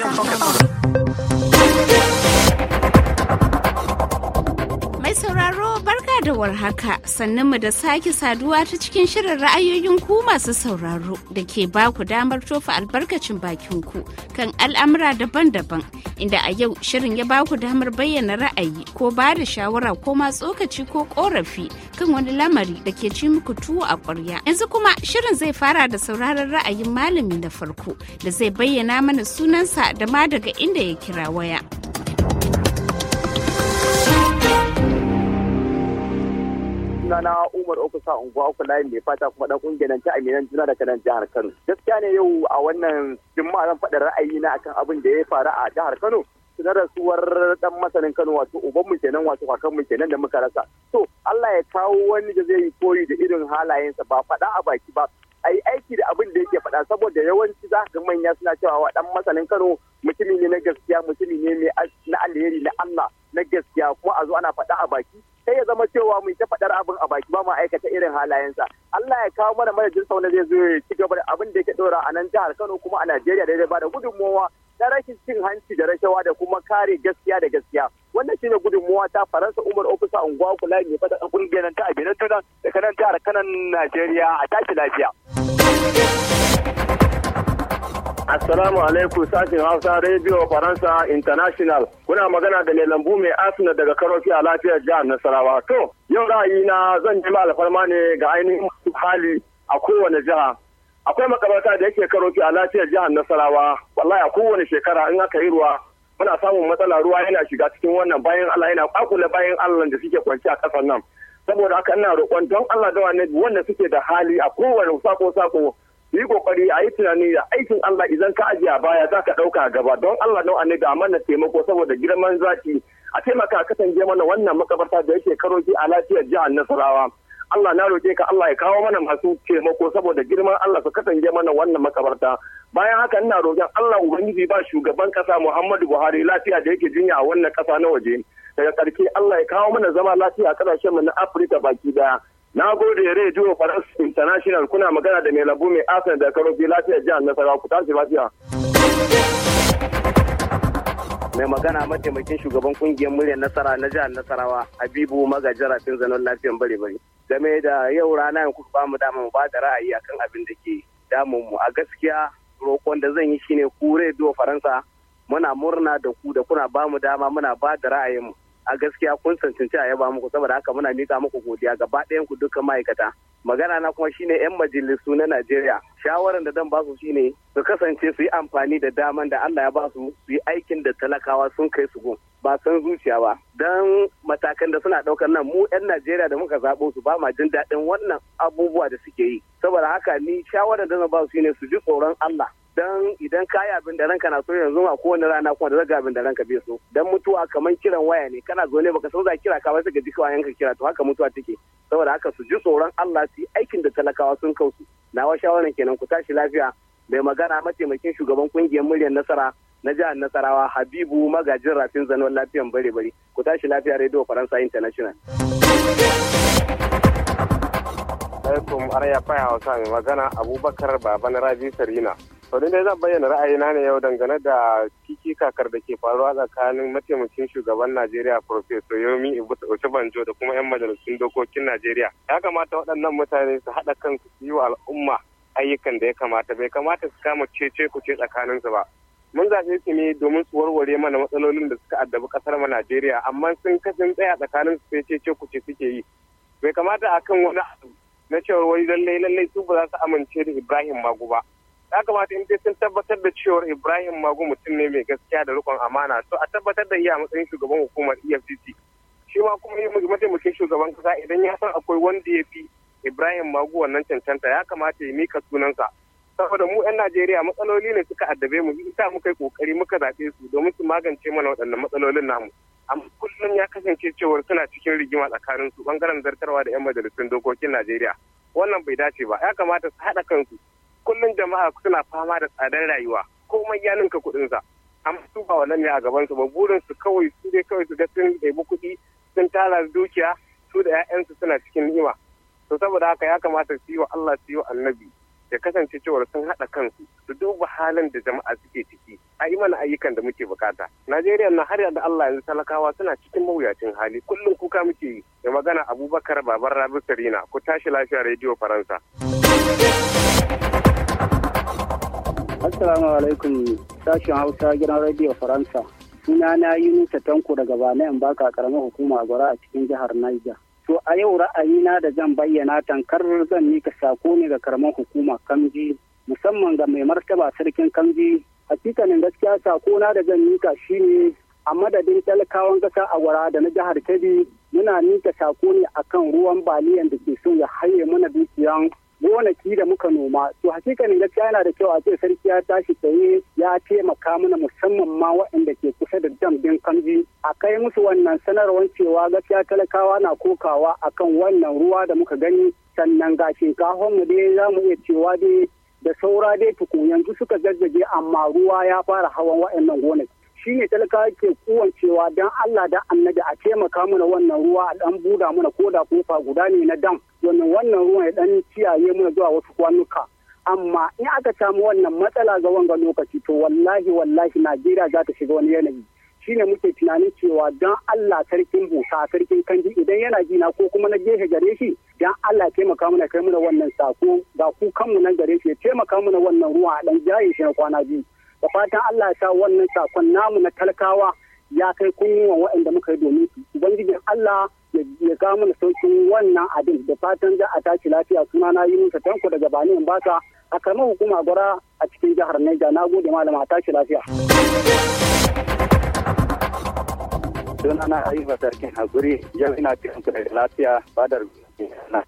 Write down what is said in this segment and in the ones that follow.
啊啊啊！barka da warhaka sannan mu da sake saduwa ta cikin shirin ra'ayoyin ku masu sauraro da ke ba ku damar tofa albarkacin bakin ku kan al'amura daban-daban inda a yau shirin ya ba ku damar bayyana ra'ayi ko ba da shawara ko ma tsokaci ko korafi kan wani lamari da ke ci muku tuwo a ƙwarya. Yanzu kuma shirin zai fara da sauraron ra'ayin malami na farko da zai bayyana mana sunansa da ma daga inda ya kira waya. suna na Umar Okusa unguwa uku layin mai fata kuma dan kungiyar ta Aminan juna daga nan jihar Kano. Gaskiya ne yau a wannan jumma'a zan faɗa ra'ayi na akan abin da ya faru a jihar Kano. na rasuwar dan masanin Kano wato uban mu kenan wato kakan mu kenan da muka rasa. To Allah ya kawo wani da zai yi koyi da irin halayensa ba faɗa a baki ba a yi aiki da abin da yake faɗa saboda yawanci za ka manya suna cewa wa dan masanin Kano mutumi ne na gaskiya mutumi ne mai na alheri na Allah na gaskiya kuma a zo ana faɗa a baki zama cewa mu ta faɗar abin a baki ba mu aikata irin halayensa Allah ya kawo mana madadin sa wanda zai zo ya ci gaba da abin da yake ɗora a nan jihar Kano kuma a Najeriya da zai bada gudunmowa na rashin cin hanci da rashawa da kuma kare gaskiya da gaskiya wannan shine gudunmowa ta faransa umar ofisa unguwa kula ne fata kungiyar ta a benin tunan da kanan jihar kanan najeriya a tashi lafiya Assalamu alaikum sashen Hausa Radio Faransa International. Kuna magana da mai lambu mai asina daga karofi a lafiyar jihar Nasarawa. To, yau ra'ayi na zan ma alfarma ne ga ainihin hali a kowane jiha. Akwai makabarta da yake karofi a lafiyar jihar Nasarawa. Wallahi a kowane shekara in aka yi ruwa muna samun matsala ruwa yana shiga cikin wannan bayan Allah yana kwakule bayan Allah da suke kwanci a ƙasar nan. Saboda haka ina roƙon don Allah da wanda suke da hali a kowane sako-sako yi kokari a yi tunani da aikin Allah idan ka ajiya baya za ka ɗauka gaba don Allah don annabi a mana taimako saboda girman zaki a taimaka kasance mana wannan makabarta da yake karoji a lafiyar jihar Nasarawa. Allah na roƙe ka Allah ya kawo mana masu taimako saboda girman Allah su kasance mana wannan makabarta. Bayan haka ina roken Allah Ubangiji ba shugaban ƙasa Muhammadu Buhari lafiya da yake jinya a wannan ƙasa na waje. Daga ƙarshe Allah ya kawo mana zama lafiya a ƙasashen mu na Afirka baki daya. Na gode Radio Faras International kuna magana da mai labu mai asan da karofi lafiyar jihar Nasarawa ku tashi lafiya. Mai magana mataimakin shugaban kungiyar muryar nasara na jihar Nasarawa Habibu maga jarafin zanen lafiyan bare bare. Game da yau rana yanku ba mu dama mu ba da ra'ayi akan abin da ke damun mu a gaskiya roƙon da zan yi shine ku Radio Faransa muna murna da ku da kuna bamu dama muna ba da ra'ayin mu. a gaskiya kun cancanci a yaba muku saboda haka muna mika muku godiya gaba ɗayan ku dukkan ma'aikata magana na kuma shine yan majalisu na Najeriya shawaran da zan ba su shine su kasance su yi amfani da daman da Allah ya ba su su yi aikin da talakawa sun kai su gun ba san zuciya ba dan matakan da suna ɗaukar nan mu 'yan najeriya da muka zaɓo su ba ma jin daɗin wannan abubuwa da suke yi saboda haka ni shawaran da zan ba su ne su ji tsoron allah dan idan ka yi abin da ranka na so yanzu a kowane rana kuma da zaga abin da ranka bai so dan mutuwa kamar kiran waya ne kana zo ne baka san za kira ka ba sai ga ji yanka kira to haka mutuwa take saboda haka su ji tsoron Allah su yi aikin da talakawa sun kausu wa shawaran kenan ku tashi lafiya mai magana mataimakin shugaban kungiyar muryar nasara na jihar Nasarawa Habibu magajin rafin zanon lafiyan bare bare ku tashi lafiya Radio Faransa International alaikum araya faya hausa mai magana abubakar baban rabi sarina sau dai zan bayyana ra'ayina ne yau dangane da kiki kakar da ke faruwa tsakanin mataimakin shugaban Najeriya profesor Yomi Banjo da kuma 'yan majalisun dokokin Najeriya. Ya kamata waɗannan mutane su haɗa kansu su yi wa al'umma ayyukan da ya kamata bai kamata su kama cece ku ce tsakaninsu ba. Mun zaɓe su ne domin su warware mana matsalolin da suka addabi ƙasar mu Najeriya amma sun kasan tsaya tsakanin su sai cece ku ce suke yi. Bai kamata akan wani na cewar wani lallai lallai su ba za su amince da Ibrahim Magu ba. ya kamata in sun tabbatar da cewar ibrahim magu mutum ne mai gaskiya da rikon amana to a tabbatar da iya matsayin shugaban hukumar efcc shi ma kuma yi mataimakin shugaban kasa idan ya san akwai wanda ya fi ibrahim magu wannan cancanta ya kamata ya mika sunansa saboda mu 'yan najeriya matsaloli ne suka addabe mu ita muka yi kokari muka zaɓe su domin su magance mana waɗannan matsalolin namu amma kullum ya kasance cewar suna cikin rigima tsakanin su bangaren zartarwa da 'yan majalisun dokokin najeriya wannan bai dace ba ya kamata su haɗa kansu kullum jama'a suna fama da tsadar rayuwa komai ya ninka kuɗinsa amma su ba wannan ne a gabansu ba su kawai su dai kawai su ga sun ɗebi kuɗi sun tara dukiya su da 'ya'yansu suna cikin ni'ima to saboda haka ya kamata su yi wa Allah su yi wa annabi ya kasance cewar sun haɗa kansu su duba halin da jama'a suke ciki a yi mana ayyukan da muke bukata najeriya na har yanzu allah yanzu talakawa suna cikin mawuyacin hali kullum kuka muke yi da magana abubakar babar rabi sarina ku tashi lafiya rediyo faransa Assalamu alaikum sashen Hausa gidan Radio Faransa. Suna na yi Yunusa Tanko daga bane in baka karamar hukuma gwara a cikin jihar Niger. To a yau ra'ayina da zan bayyana tankar zan mika sako ne ga karamar hukuma Kamji musamman ga mai martaba sarkin Kamji. Hakikanin gaskiya sako na da zan mika shine a madadin talakawan kasa a wara da na jihar Kebbi muna mika sako ne akan ruwan baliyan da ke son ya haye mana dukiyan gonaki da muka noma to hakikanin gaskiya yana da kyau a ce sarki ya tashi tsaye ya taimaka mana musamman ma waɗanda ke kusa da dam din kamji a kai musu wannan sanarwar cewa gaskiya talakawa na kokawa akan wannan ruwa da muka gani sannan ga shinkafon mu dai za mu iya cewa dai da saura dai tuku yanzu suka zazzage amma ruwa ya fara hawan waɗannan gonaki shi ne talakawa ke kowancewa don Allah da annabi a taimaka mana wannan ruwa a ɗan buda mana koda kofa guda ne na dam domin wannan ruwan ya dan ciyaye mana zuwa wasu kwanuka amma in aka samu wannan matsala ga wanga lokaci to wallahi wallahi najeriya za ta shiga wani yanayi shine muke tunanin cewa don allah sarkin busa sarkin kanji idan yana jina ko kuma na gefe gare shi don allah taimaka mana kai mana wannan sako ga ku kanmu nan gare shi ya taimaka mana wannan ruwa a dan jaye shi na kwana biyu da fatan allah ya sa wannan sakon namu na talkawa ya kai kunnuwan waɗanda muka yi domin su ubangijin allah ya kawo mana sauƙin wannan abin da fatan za a tashi lafiya suna na yi musa tanko daga bani in baka a karamar hukuma gwara a cikin jihar Niger na gode malama a tashi lafiya. Suna na Ayuba Sarkin Haguri yau ina kiran ku da lafiya fadar na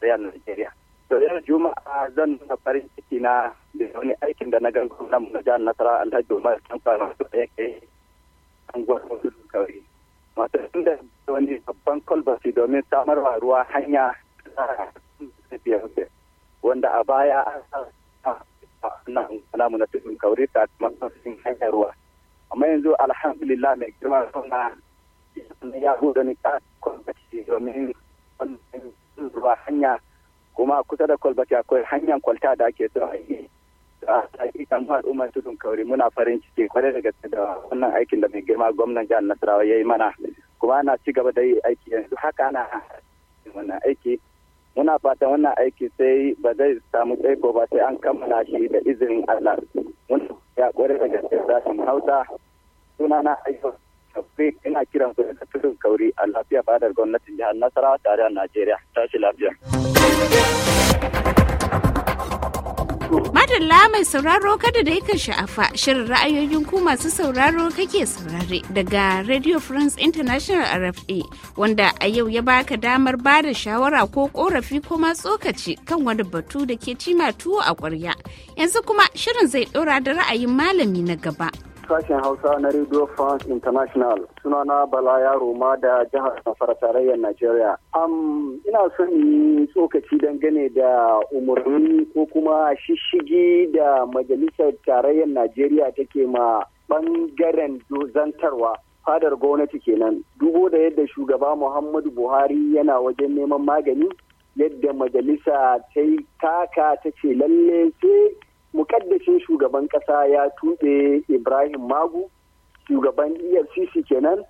Riyar Najeriya. To yau Juma'a zan nuna farin ciki na da wani aikin da na gan gwamnan mu na jihar Nasara Alhaji Umar Tanko a masu da yake an gwamnan kawai. wato da wani babban kwalbati domin wa ruwa hanya wanda a baya a na cikin kauri ta matsayin hanyar ruwa amma yanzu alhamdulillah mai girma suna ya hudu ni ta kwalbati domin ruwa hanya kuma kusa da kwalbati akwai hanyar kwalta da ake zuwa yi a hakika al'ummar tudun kauri muna farin ciki kwarai da gaske da wannan aikin da mai girma gwamnan jihar Nasarawa ya yi mana kuma ana ci gaba da yi aiki yanzu haka ana wannan aiki muna fatan wannan aiki sai ba zai samu tsaiko ba sai an kammala shi da izinin Allah mun ya kwarai da gaske sashen Hausa sunana aiki Tafi ina kiran ku daga tudun kauri a lafiya fadar gwamnatin jihar Nasarawa tare da Najeriya tashi lafiya. Madalla mai sauraro kada da yakan sha'afa shirin ra'ayoyin ku masu sauraro kake saurare daga Radio France International RFA wanda a yau ya baka damar ba da shawara ko korafi ko ma tsokaci kan wani batu da ke cima tuwo a kwarya Yanzu kuma shirin zai ɗora da ra'ayin malami na gaba Sashen Hausa na Radio France International suna na Bala Yaro ma da jihar Nasara tarayyar Najeriya. Am ina son yi tsokaci dangane da umarni ko kuma shishigi da Majalisar Tarayyar Najeriya take ma bangaren zantarwa. Fadar gwamnati kenan dubo da yadda shugaba Muhammadu Buhari yana wajen neman magani yadda majalisa ta yi taka ta ce lalle sai mukaddashin shugaban kasa ya tuɗe ibrahim magu shugaban efcc kenan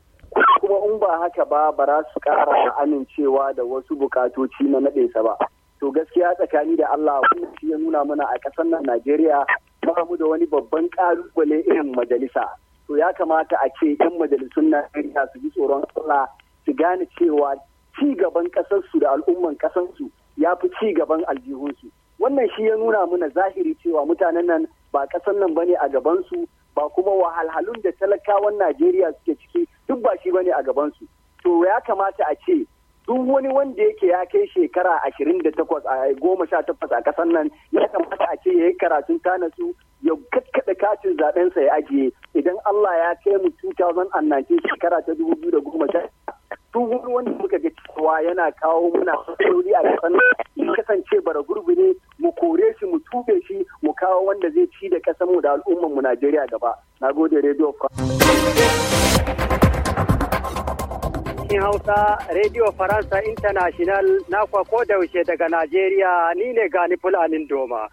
kuma in ba haka ba ba za su kara amincewa da wasu bukatoci na naɗesa ba to gaskiya tsakani da allah shi ya nuna mana a ƙasar nan najeriya ba mu da wani babban ƙalubale irin majalisa to ya kamata a ce 'yan majalisun najeriya su ji tsoron allah su gane cewa ci gaban ƙasarsu da al'umman ƙasarsu ya fi ci gaban aljihunsu wannan shi ya nuna mana zahiri cewa mutanen nan ba kasan nan bane a gabansu ba kuma wahalhalun da talakawan Najeriya suke ciki duk ba shi bane a gabansu to ya kamata a ce duk wani wanda yake ya kai shekara ashirin da a goma sha takwas a ƙasar nan ya kamata a ce ya yi karatun tanasu ya kakkaɗe katin zaɓensa ya ajiye idan Allah ya kai mu 2019 shekara ta dubu biyu da goma sha duk wani wanda muka ga cewa yana kawo muna matsaloli a ƙasar nan ya kasance bara gurbi ne tube shi mu kawo wanda zai ci da ƙasar mu da al'ummar mu Najeriya gaba na gode radio Shin Hausa Radio Faransa International na kwako daushe daga Najeriya ni ne gani Fulanin Doma.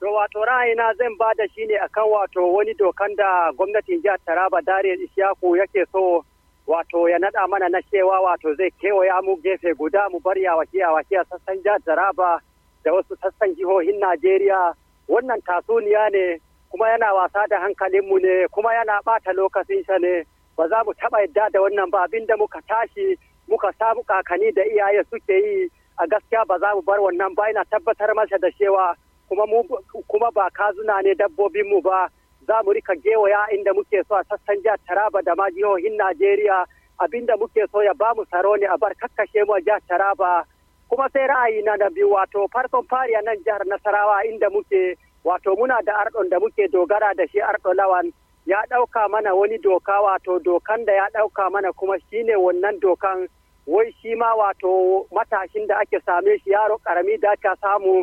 To wato ra'ayina zan ba da shi ne akan wato wani dokan da gwamnatin jihar Taraba dare Ishaku yake so wato ya naɗa mana na cewa wato zai kewaye mu gefe guda mu bar yawa kiyawa a sassan jihar Taraba da wasu sassan jihohin Najeriya wannan tasuniya ne kuma yana wasa da hankalinmu ne kuma yana ɓata lokacin sa ne ba za mu taɓa yadda da wannan ba da muka tashi muka samu kakani da iyaye suke yi a gaskiya ba za mu bar wannan ba ina tabbatar masa da cewa kuma mu kuma ba kazuna ne dabbobinmu ba za mu rika gewaya inda muke so a sassan jihar Taraba da ma jihohin Najeriya abinda muke so ya ba mu tsaro ne a bar kakkashe mu a jihar Taraba kuma sai ra'ayi na da biyu wato farkon fari nan jihar nasarawa inda muke wato muna da ardon da muke dogara da shi ardo lawan ya ɗauka mana wani doka wato dokan da ya ɗauka mana kuma shine wannan dokan wai shi ma wato matashin da ake same shi yaro karami da aka samu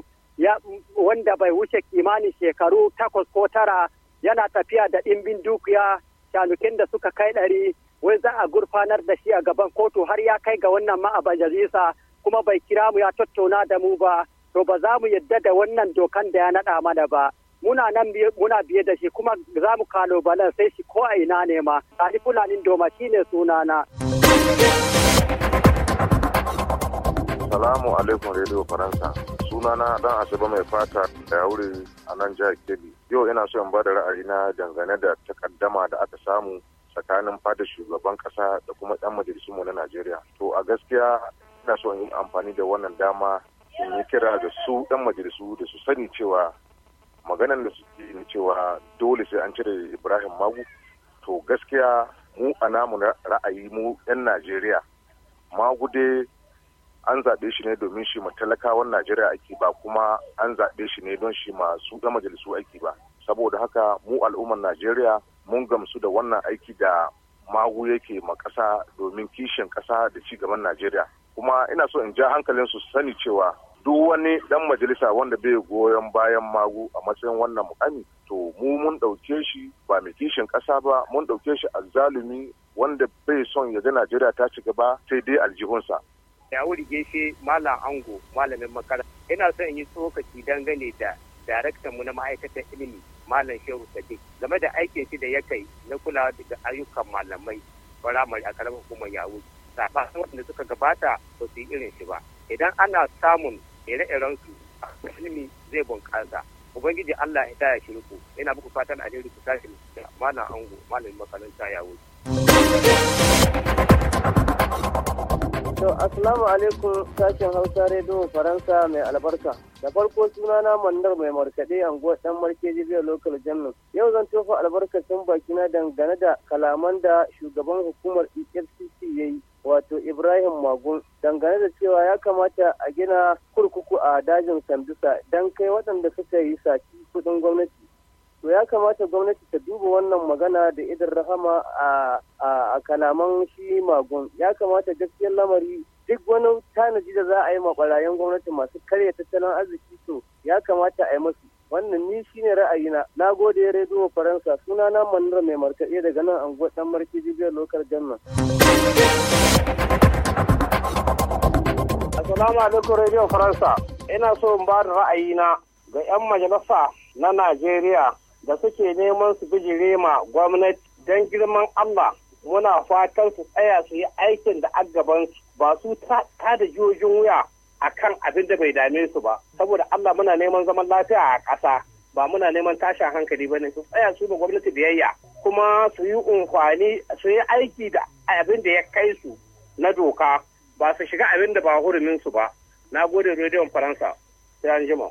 wanda bai wuce kimanin shekaru takwas ko tara yana tafiya da ɗimbin dukiya shanukin da suka kai ɗari wai za a gurfanar da shi a gaban kotu har ya kai ga wannan ma'abajarisa kuma bai kira mu ya tattauna da mu ba to ba za mu yadda da wannan dokan da ya naɗa mana ba muna nan muna biye da shi kuma za mu kalubalen sai shi ko a ina ne ma Ali Fulanin Doma suna sunana. Salamu alaikum Radio Faransa. Sunana dan Asaba mai fata da wuri a nan jihar Kebbi. Yau ina so in ba bada na dangane da takaddama da aka samu tsakanin fada shugaban kasa da kuma 'yan majalisunmu na Najeriya. To a gaskiya ina so yin amfani da wannan dama in yi kira da su ɗan majalisu da su sani cewa maganan da su ni cewa dole sai an cire ibrahim magu to gaskiya mu a namu ra'ayi mu 'yan najeriya magu dai an zaɓe shi ne domin shi ma talakawan najeriya aiki ba kuma an zaɓe shi ne don shi masu su ɗan majalisu aiki ba saboda haka mu al'ummar najeriya mun gamsu da wannan aiki da magu yake ma ƙasa domin kishin kasa da ci gaban najeriya kuma ina so in ja hankalin su sani cewa duk wani dan majalisa wanda bai goyon bayan magu a matsayin wannan mukami to mu mun ɗauke shi ba mai kishin ƙasa ba mun ɗauke shi azzalumi wanda bai son ya ga Najeriya ta ci gaba sai dai aljihunsa. Ya wuri gefe Malam Ango malamin makaranta ina son in yi tsokaci dangane da daraktan mu na ma'aikatar ilimi Malam Shehu Sadiq game da aikin shi da ya kai na kulawa da ayyukan malamai firamare a karamar hukumar Yawuri. sabanin wanda suka gabata ba su yi irin shi ba idan ana samun ire-iren su musulmi zai bunƙasa ubangiji Allah ya taya shi ruku ina muku fatan alheri ku tashi malam ango malamin makaranta ya wuce To, asalamu alaikum sashen Hausa Rediyo Faransa mai albarka. Da farko sunana Mandar mai markaɗe anguwa ɗan markeji biyar lokal Jamus. Yau zan tofa albarkacin bakina dangane da kalaman da shugaban hukumar EFCC ya yi wato Ibrahim Magun dangane da cewa ya kamata a gina kurkuku a dajin Sambisa don kai waɗanda suka yi saki kudin gwamnati. To ya kamata gwamnati ta duba wannan magana da idan rahama a kalaman shi Magun. Ya kamata gaskiyar lamari duk wani tanaji da za a yi ma gwamnati masu karya tattalin arziki to ya kamata a yi masu wannan ni shi ne ra'ayina na gode rediyo faransa suna na manar mai markaɗe daga nan anguwa dan marki jibiyar lokar jannan assalamu alaikum radio faransa ina so in ba da ra'ayina ga 'yan majalisa na najeriya da suke neman su bijire ma gwamnati don girman allah muna fatan su tsaya su yi aikin da agabansu, ba su ta da jojin wuya a kan abin da bai dame su ba saboda Allah muna neman zaman lafiya a ƙasa ba muna neman tashin hankali ba ne su tsaya su da gwamnati biyayya kuma su yi unkwani su yi aiki da abin da ya kai su na doka ba su shiga abin da ba hurumin su ba na gode rediyon faransa sai jima.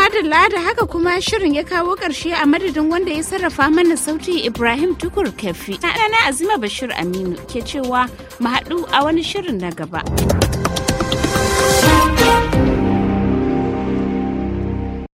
madalla da haka kuma shirin ya kawo ƙarshe a madadin wanda ya sarrafa mana sauti Ibrahim Tukur Kefi. Na Azima Bashir Aminu ke cewa mu haɗu a wani shirin na gaba.